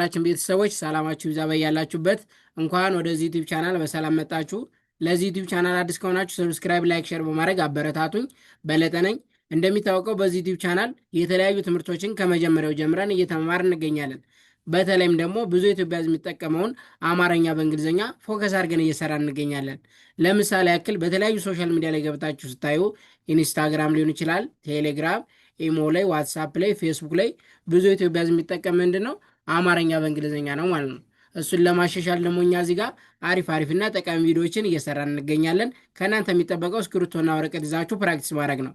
የቻናላችን ቤተሰቦች ሰላማችሁ ይዛ በያላችሁበት። እንኳን ወደዚህ ዩቲብ ቻናል በሰላም መጣችሁ። ለዚህ ዩቲብ ቻናል አዲስ ከሆናችሁ ሰብስክራይብ፣ ላይክ፣ ሸር በማድረግ አበረታቱኝ። በለጠነኝ። እንደሚታወቀው በዚህ ዩቲብ ቻናል የተለያዩ ትምህርቶችን ከመጀመሪያው ጀምረን እየተመማር እንገኛለን። በተለይም ደግሞ ብዙ ኢትዮጵያ ሕዝብ የሚጠቀመውን አማርኛ በእንግሊዝኛ ፎከስ አድርገን እየሰራ እንገኛለን። ለምሳሌ ያክል በተለያዩ ሶሻል ሚዲያ ላይ ገብታችሁ ስታዩ ኢንስታግራም ሊሆን ይችላል፣ ቴሌግራም፣ ኢሞ ላይ፣ ዋትሳፕ ላይ፣ ፌስቡክ ላይ ብዙ ኢትዮጵያ ሕዝብ የሚጠቀም ምንድን ነው አማርኛ በእንግሊዝኛ ነው ማለት ነው። እሱን ለማሻሻል ደግሞ እኛ እዚህ ጋር አሪፍ አሪፍ እና ጠቃሚ ቪዲዮዎችን እየሰራን እንገኛለን። ከእናንተ የሚጠበቀው እስክሪብቶና ወረቀት ይዛችሁ ፕራክቲስ ማድረግ ነው።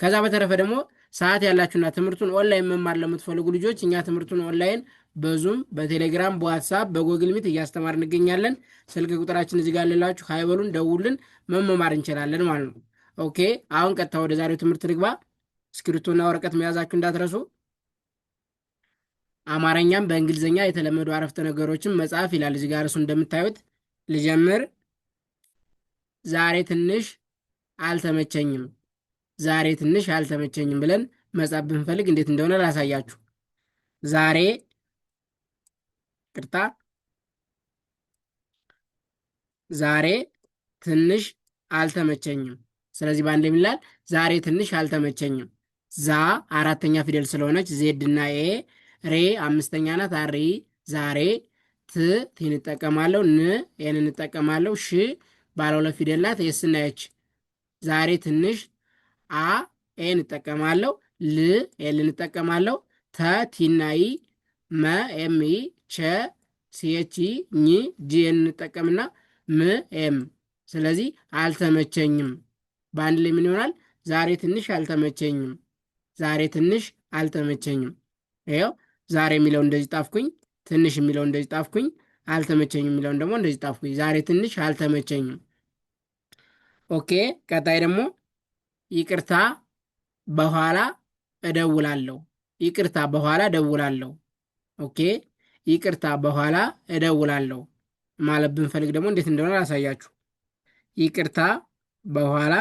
ከዛ በተረፈ ደግሞ ሰዓት ያላችሁና ትምህርቱን ኦንላይን መማር ለምትፈልጉ ልጆች እኛ ትምህርቱን ኦንላይን በዙም በቴሌግራም በዋትሳፕ በጎግል ሚት እያስተማር እንገኛለን። ስልክ ቁጥራችን እዚህ ጋር ልላችሁ፣ ሀይበሉን ደውልን መመማር እንችላለን ማለት ነው። ኦኬ አሁን ቀጥታ ወደ ዛሬው ትምህርት ንግባ። እስክሪብቶና ወረቀት መያዛችሁ እንዳትረሱ። አማርኛም በእንግሊዝኛ የተለመዱ አረፍተ ነገሮችን መጽሐፍ ይላል። እዚህ ጋር እሱ እንደምታዩት ልጀምር። ዛሬ ትንሽ አልተመቸኝም። ዛሬ ትንሽ አልተመቸኝም ብለን መጻፍ ብንፈልግ እንዴት እንደሆነ ላሳያችሁ። ዛሬ ቅርታ፣ ዛሬ ትንሽ አልተመቸኝም። ስለዚህ በአንድ የሚላል ዛሬ ትንሽ አልተመቸኝም። ዛ አራተኛ ፊደል ስለሆነች ዜድ እና ኤ ሬ አምስተኛ ናት። አሪ ዛሬ ት ቲ እንጠቀማለሁ። ን ኤን እንጠቀማለሁ። ሽ ባለ ሁለት ፊደል ናት። ኤስ ዛሬ ትንሽ። አ ኤ እንጠቀማለሁ። ል ኤል እንጠቀማለሁ። ተ ቲና መ ኤም ቸ ሲኤች ኝ ጂ ኤን እንጠቀምና ም ኤም። ስለዚህ አልተመቸኝም በአንድ ላይ ምን ይሆናል? ዛሬ ትንሽ አልተመቸኝም። ዛሬ ትንሽ አልተመቸኝም። ይኸው ዛሬ የሚለው እንደዚህ ጣፍኩኝ፣ ትንሽ የሚለው እንደዚህ ጣፍኩኝ፣ አልተመቸኝም የሚለውን ደግሞ እንደዚህ ጣፍኩኝ። ዛሬ ትንሽ አልተመቸኝም። ኦኬ። ቀጣይ ደግሞ ይቅርታ በኋላ እደውላለሁ። ይቅርታ በኋላ እደውላለሁ። ኦኬ። ይቅርታ በኋላ እደውላለሁ ማለት ብንፈልግ ደግሞ እንዴት እንደሆነ ላሳያችሁ። ይቅርታ በኋላ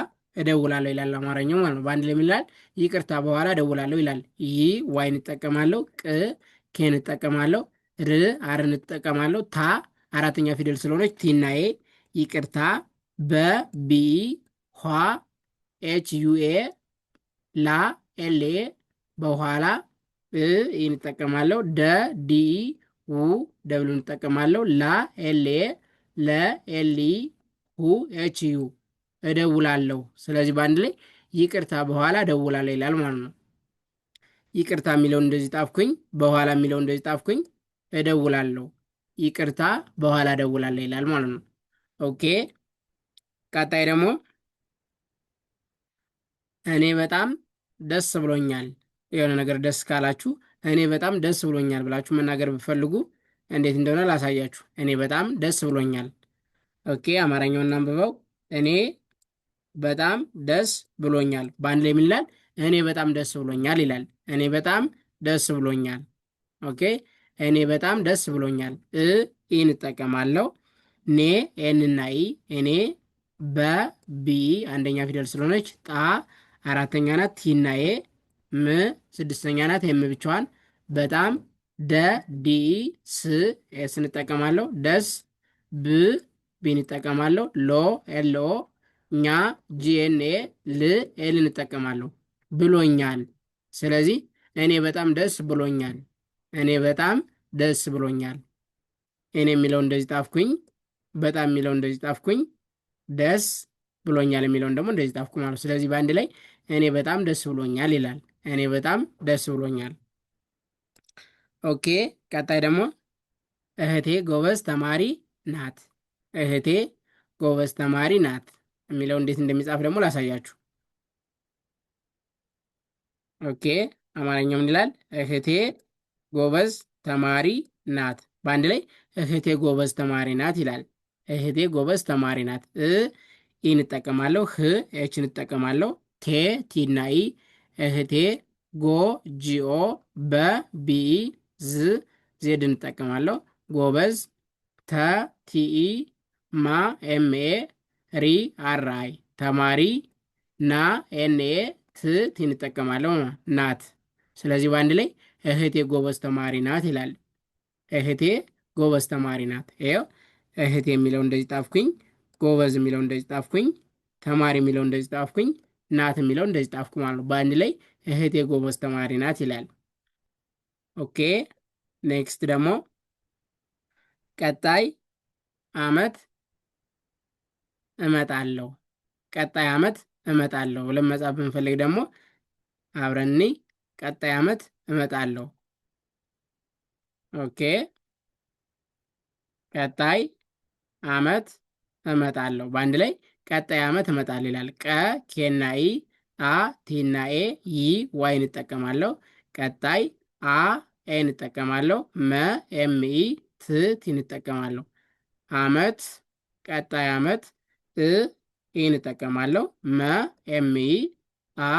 እደውላለሁ ይላል። አማርኛው ማለት ነው። በአንድ ላይ ይላል ይቅርታ በኋላ እደውላለሁ ይላል። ይ ዋይ እጠቀማለሁ፣ ቅ ኬ እጠቀማለሁ፣ ር አር እጠቀማለሁ፣ ታ አራተኛ ፊደል ስለሆነች ቲናዬ ይቅርታ፣ በ ቢ ኋ ኤች ዩኤ ላ ኤልኤ በኋላ ይህን እጠቀማለሁ። ደ ዲ ው ደብሉ እጠቀማለሁ። ላ ኤልኤ ለ ኤልኢ ሁ ኤች ዩ እደውላለሁ። ስለዚህ በአንድ ላይ ይቅርታ በኋላ እደውላለሁ ይላል ማለት ነው። ይቅርታ የሚለውን እንደዚህ ጣፍኩኝ፣ በኋላ የሚለው እንደዚህ ጣፍኩኝ፣ እደውላለሁ። ይቅርታ በኋላ እደውላለሁ ይላል ማለት ነው። ኦኬ ቀጣይ ደግሞ እኔ በጣም ደስ ብሎኛል። የሆነ ነገር ደስ ካላችሁ እኔ በጣም ደስ ብሎኛል ብላችሁ መናገር ብፈልጉ እንዴት እንደሆነ ላሳያችሁ። እኔ በጣም ደስ ብሎኛል። ኦኬ አማርኛውን አንብበው እኔ በጣም ደስ ብሎኛል። በአንድ ላይ ምን ይላል? እኔ በጣም ደስ ብሎኛል ይላል። እኔ በጣም ደስ ብሎኛል። ኦኬ እኔ በጣም ደስ ብሎኛል። እ ኢን እጠቀማለሁ። ኔ ኤንና ኢ እኔ በቢ አንደኛ ፊደል ስለሆነች ጣ አራተኛ ናት። ቲና ኤ ም ስድስተኛ ናት። የም ብቻዋን በጣም ደ ዲ ስ ኤስ እንጠቀማለው። ደስ ብ ቢ እንጠቀማለው። ሎ ኤልኦ እኛ ጂኤንኤ ል ኤል እንጠቀማለሁ ብሎኛል። ስለዚህ እኔ በጣም ደስ ብሎኛል፣ እኔ በጣም ደስ ብሎኛል። እኔ የሚለው እንደዚህ ጣፍኩኝ፣ በጣም የሚለው እንደዚህ ጣፍኩኝ፣ ደስ ብሎኛል የሚለውን ደግሞ እንደዚህ ጣፍኩ ማለት። ስለዚህ በአንድ ላይ እኔ በጣም ደስ ብሎኛል ይላል። እኔ በጣም ደስ ብሎኛል። ኦኬ። ቀጣይ ደግሞ እህቴ ጎበዝ ተማሪ ናት። እህቴ ጎበዝ ተማሪ ናት። የሚለው እንዴት እንደሚጻፍ ደግሞ ላሳያችሁ። ኦኬ አማርኛው ምን ይላል? እህቴ ጎበዝ ተማሪ ናት። በአንድ ላይ እህቴ ጎበዝ ተማሪ ናት ይላል። እህቴ ጎበዝ ተማሪ ናት። እ ኢን ህ ኤች እንጠቀማለሁ። ቴ ቲና ኢ እህቴ ጎ ጂኦ በ ቢኢ ዝ ዜድ እንጠቀማለሁ። ጎበዝ ተ ቲኢ ማ ኤምኤ ሪ አራይ አይ ተማሪ ና ኤንኤ ት እንጠቀማለሁ ናት። ስለዚህ በአንድ ላይ እህቴ ጎበዝ ተማሪ ናት ይላል። እህቴ ጎበዝ ተማሪ ናት። ይኸው እህቴ የሚለው እንደዚህ ጣፍኩኝ፣ ጎበዝ የሚለው እንደዚህ ጣፍኩኝ፣ ተማሪ የሚለው እንደዚህ ጣፍኩኝ፣ ናት የሚለው እንደዚህ ጣፍኩ ማለት ነው። በአንድ ላይ እህቴ ጎበዝ ተማሪ ናት ይላል። ኦኬ ኔክስት ደግሞ ቀጣይ አመት እመጣለሁ፣ ቀጣይ ዓመት እመጣለሁ ብለን መጻፍ ብንፈልግ ደግሞ አብረኒ ቀጣይ ዓመት እመጣለሁ። ኦኬ ቀጣይ ዓመት እመጣለሁ በአንድ ላይ ቀጣይ ዓመት እመጣለሁ ይላል። ቀ ኬና ኢ አ ቲና ኤ ይ ዋይ እንጠቀማለሁ። ቀጣይ አ ኤ እንጠቀማለሁ። መ ኤም ኢ ት ቲ እንጠቀማለሁ። ዓመት ቀጣይ ዓመት እ ኢን እጠቀማለሁ። መ ኢ አ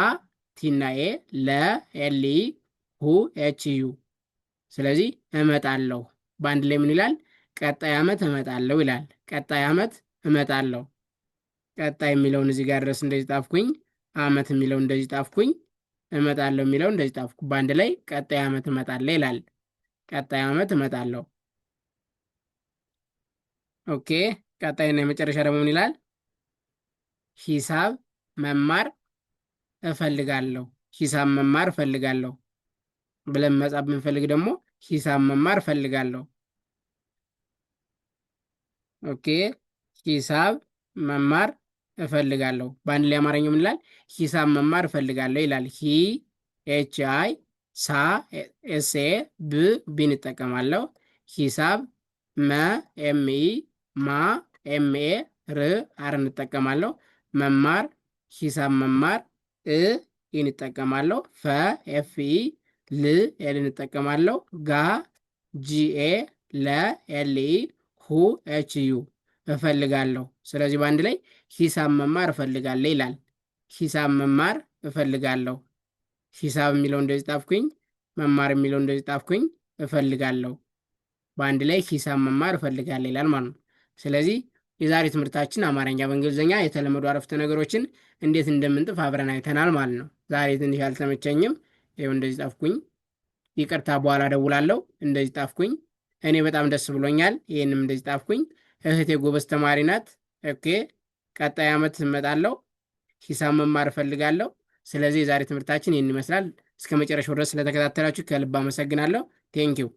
ቲና ኤ ለ ኤልኢ ሁ ኤች ዩ። ስለዚህ እመጣለሁ በአንድ ላይ ምን ይላል? ቀጣይ ዓመት እመጣለሁ ይላል። ቀጣይ ዓመት እመጣለሁ። ቀጣይ የሚለውን እዚህ ጋር ድረስ እንደዚህ ጣፍኩኝ። ዓመት የሚለው እንደዚህ ጣፍኩኝ። እመጣለሁ የሚለው እንደዚህ ጣፍኩ። በአንድ ላይ ቀጣይ ዓመት እመጣለሁ ይላል። ቀጣይ ዓመት እመጣለሁ። ኦኬ። ቀጣይና የመጨረሻ ደግሞ ምን ይላል? ሂሳብ መማር እፈልጋለሁ ሂሳብ መማር እፈልጋለሁ ብለን መጻፍ ብንፈልግ ደግሞ ሂሳብ መማር እፈልጋለሁ። ኦኬ ሂሳብ መማር እፈልጋለሁ። በአንድ ላይ አማርኛው ምንላል? ሂሳብ መማር እፈልጋለሁ ይላል። ሂ ኤች አይ ሳ ኤስ ኤ ብ ቢን እጠቀማለሁ። ሂሳብ መ ኤም ኢ ማ ኤም ኤ ር አር እንጠቀማለሁ። መማር ሂሳብ መማር እ ኢን እጠቀማለሁ ፈ ኤፍ ኢ ል ኤል እጠቀማለሁ ጋ ጂኤ ለ ኤል ኢ ሁ ኤች ዩ እፈልጋለሁ። ስለዚህ በአንድ ላይ ሂሳብ መማር እፈልጋለሁ ይላል። ሂሳብ መማር እፈልጋለሁ። ሂሳብ የሚለው እንደዚህ ጣፍኩኝ፣ መማር የሚለው እንደዚህ ጣፍኩኝ፣ እፈልጋለሁ በአንድ ላይ ሂሳብ መማር እፈልጋለሁ ይላል ማለት ነው። ስለዚህ የዛሬ ትምህርታችን አማርኛ በእንግሊዝኛ የተለመዱ አረፍተ ነገሮችን እንዴት እንደምንጥፍ አብረን አይተናል ማለት ነው። ዛሬ ትንሽ አልተመቸኝም። ይኸው እንደዚህ ጣፍኩኝ። ይቅርታ በኋላ ደውላለሁ። እንደዚህ ጣፍኩኝ። እኔ በጣም ደስ ብሎኛል። ይህንም እንደዚህ ጣፍኩኝ። እህቴ ጎበዝ ተማሪ ናት። ኦኬ ቀጣይ ዓመት እመጣለሁ። ሂሳብ መማር እፈልጋለሁ። ስለዚህ የዛሬ ትምህርታችን ይህን ይመስላል። እስከ መጨረሻው ድረስ ስለተከታተላችሁ ከልብ አመሰግናለሁ። ቴንኪው